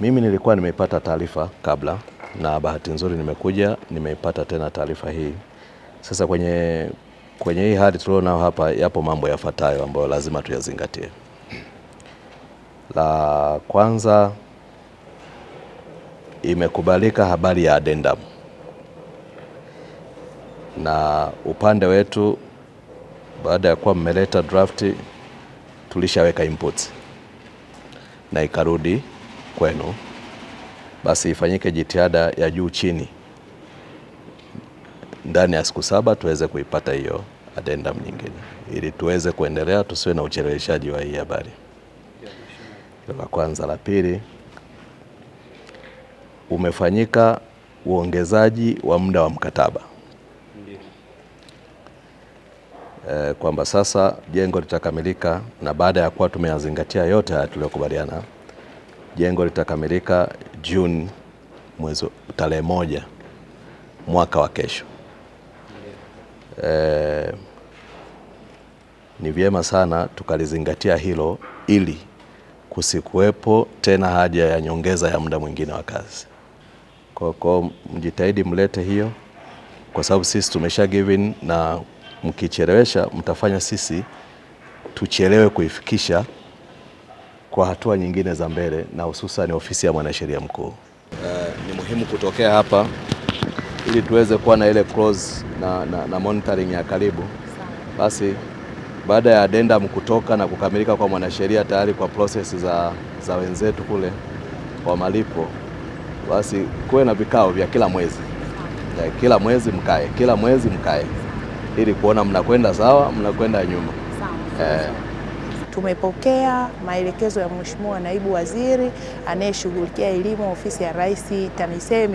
Mimi nilikuwa nimeipata taarifa kabla na bahati nzuri nimekuja nimeipata tena taarifa hii. Sasa kwenye, kwenye hii hali tulionao hapa, yapo mambo yafuatayo ambayo lazima tuyazingatie. La kwanza, imekubalika habari ya addendum na upande wetu, baada ya kuwa mmeleta draft tulishaweka inputs na ikarudi kwenu, basi ifanyike jitihada ya juu chini ndani ya siku saba tuweze kuipata hiyo adendam nyingine, ili tuweze kuendelea, tusiwe na ucheleweshaji wa hii habari. Hilo la kwanza. La pili, umefanyika uongezaji wa muda wa mkataba e, kwamba sasa jengo litakamilika, na baada ya kuwa tumeyazingatia yote haya tuliyokubaliana Jengo litakamilika Juni mwezi tarehe moja mwaka wa kesho. E, ni vyema sana tukalizingatia hilo ili kusikuwepo tena haja ya nyongeza ya muda mwingine wa kazi. Kwa kwa mjitahidi mlete hiyo, kwa sababu sisi tumesha given, na mkichelewesha mtafanya sisi tuchelewe kuifikisha kwa hatua nyingine za mbele na hususan ofisi ya mwanasheria mkuu. Uh, ni muhimu kutokea hapa ili tuweze kuwa na ile close na, na, na monitoring ya karibu. Basi baada ya addendum kutoka na kukamilika kwa mwanasheria tayari kwa process za, za wenzetu kule kwa malipo, basi kuwe na vikao vya kila mwezi ya, eh, kila mwezi mkae, kila mwezi mkae ili kuona mnakwenda sawa, mnakwenda nyuma eh. Tumepokea maelekezo ya Mheshimiwa Naibu Waziri anayeshughulikia elimu, Ofisi ya Rais TAMISEMI